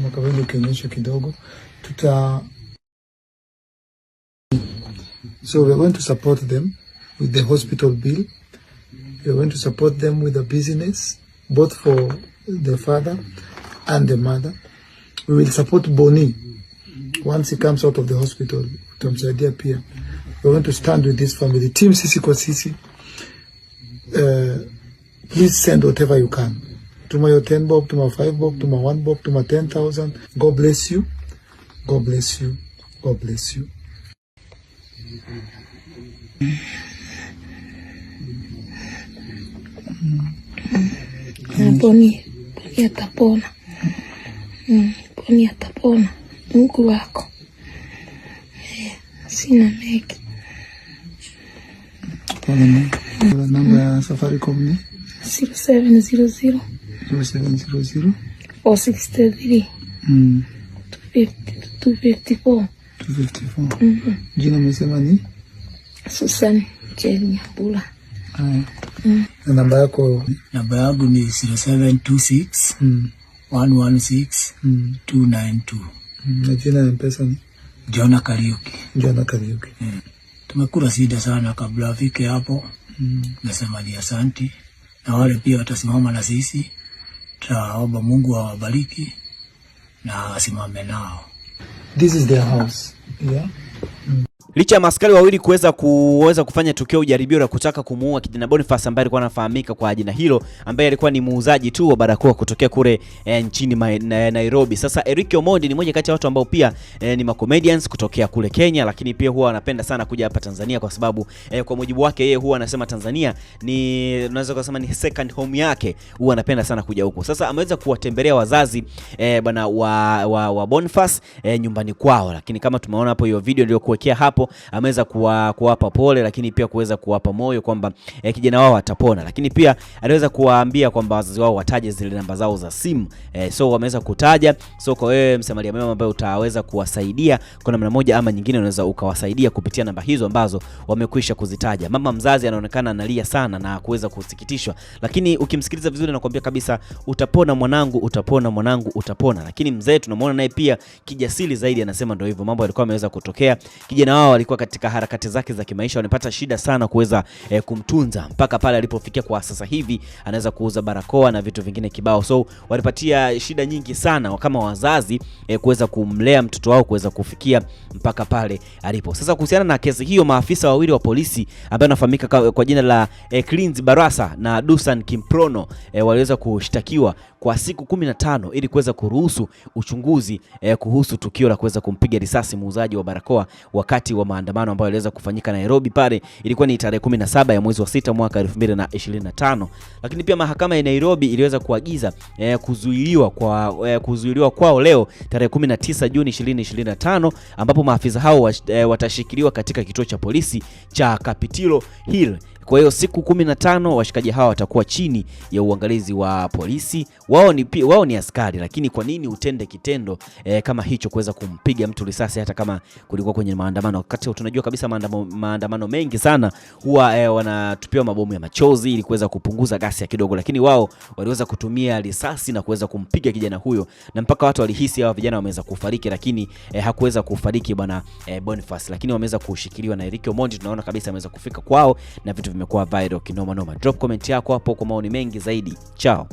kama kawaida, ukionyesha kidogo tuta so we are going to support them with the hospital bill we are going to support them with the business both for the father and the mother we will support Boni once he comes out of the hospital Tumsaidia pia we want going to stand with this family team sisi kwa sisi uh, please send whatever you can to my 10 bob tuma 5 bob tuma 1 bob tuma 10000 god bless you god bless you god bless you mm. Poni, atapona. Mm, poni atapona. Mungu wako. Eh, sina mengi. Namba ya Safaricom ni Jina umesema ni Susan Mm. Na namba yako? Namba yangu ni 0726 116 292. Mm. Na jina ya mpesa ni Jona Kariuki. Jona Kariuki. Mm. Tumekula sida sana kabla afike hapo. Mm. Nasema ni asanti na wale pia watasimama na sisi Tunaomba Mungu awabariki na asimame nao. This is their house. Yeah. Licha ya maskari wawili kuweza kuweza kufanya tukio jaribio la kutaka kumuua kijana Boniface ambaye alikuwa anafahamika kwa jina hilo, ambaye alikuwa ni muuzaji tu wa barakoa kutokea kule e, nchini ma, na, Nairobi. Sasa Eric Omondi ni mmoja kati ya watu ambao pia e, ni comedians kutokea kule Kenya, lakini pia huwa anapenda sana kuja hapa Tanzania kwa sababu e, kwa mujibu wake yeye huwa anasema Tanzania ni unaweza kusema ni second home yake, huwa anapenda sana kuja huko. Sasa ameweza kuwatembelea wazazi e, bana wa, wa, wa Boniface e, nyumbani kwao, lakini kama tumeona hapo hiyo video iliyokuwekea hapo ameweza kuwa, kuwapa pole, lakini pia kuweza kuwapa moyo kwamba eh, kijana wao atapona, lakini pia aliweza kuwaambia kwamba wazazi wao wataje zile namba zao za simu eh, so wameweza kutaja. So kwa wewe msamaria mema ambaye utaweza kuwasaidia kwa namna moja ama nyingine, unaweza ukawasaidia kupitia namba hizo ambazo wamekwisha kuzitaja. Mama mzazi anaonekana analia sana na kuweza kusikitishwa, lakini ukimsikiliza vizuri nakwambia kabisa, utapona mwanangu, utapona mwanangu, utapona. Lakini mzee tunamuona naye pia kijasiri zaidi, anasema ndio hivyo mambo yalikuwa yameweza kutokea kijana hao alikuwa katika harakati zake za kimaisha, wanapata shida sana kuweza e, kumtunza mpaka pale alipofikia kwa sasa hivi, anaweza kuuza barakoa na vitu vingine kibao. So walipatia shida nyingi sana kama wazazi e, kuweza kumlea mtoto wao kuweza kufikia mpaka pale alipo sasa. Kuhusiana na kesi hiyo, maafisa wawili wa polisi ambao wanafahamika kwa jina la e, eh, Clins Barasa na Dusan Kimprono e, waliweza kushtakiwa kwa siku 15 ili kuweza kuruhusu uchunguzi e, kuhusu tukio la kuweza kumpiga risasi muuzaji wa barakoa wakati wakati wa maandamano ambayo yaliweza kufanyika Nairobi pale, ilikuwa ni tarehe 17 ya mwezi wa sita mwaka 2025. Lakini pia mahakama ya Nairobi iliweza kuagiza eh, kuzuiliwa kwa eh, kuzuiliwa kwao leo tarehe 19 Juni 2025, ambapo maafisa hao eh, watashikiliwa katika kituo cha polisi cha Kapitilo Hill kwa hiyo siku 15 washikaji hawa watakuwa chini ya uangalizi wa polisi. Wao ni, wao ni askari, lakini kwa nini utende kitendo eh, kama hicho kuweza kumpiga mtu risasi hata kama kulikuwa kwenye maandamano? Wakati tunajua kabisa maandamano, maandamano mengi sana huwa eh, wanatupiwa mabomu ya machozi ili kuweza kupunguza ghasia kidogo, lakini wao waliweza kutumia risasi na kuweza kumpiga kijana huyo, na mpaka watu walihisi hawa vijana wameweza kufariki, lakini eh, hakuweza kufariki bwana eh, Boniface, lakini wameweza kushikiliwa na Eric Omondi. Tunaona kabisa ameweza kufika kwao na vitu vimekuwa viral kinoma noma. Drop comment yako hapo kwa maoni mengi zaidi. Chao.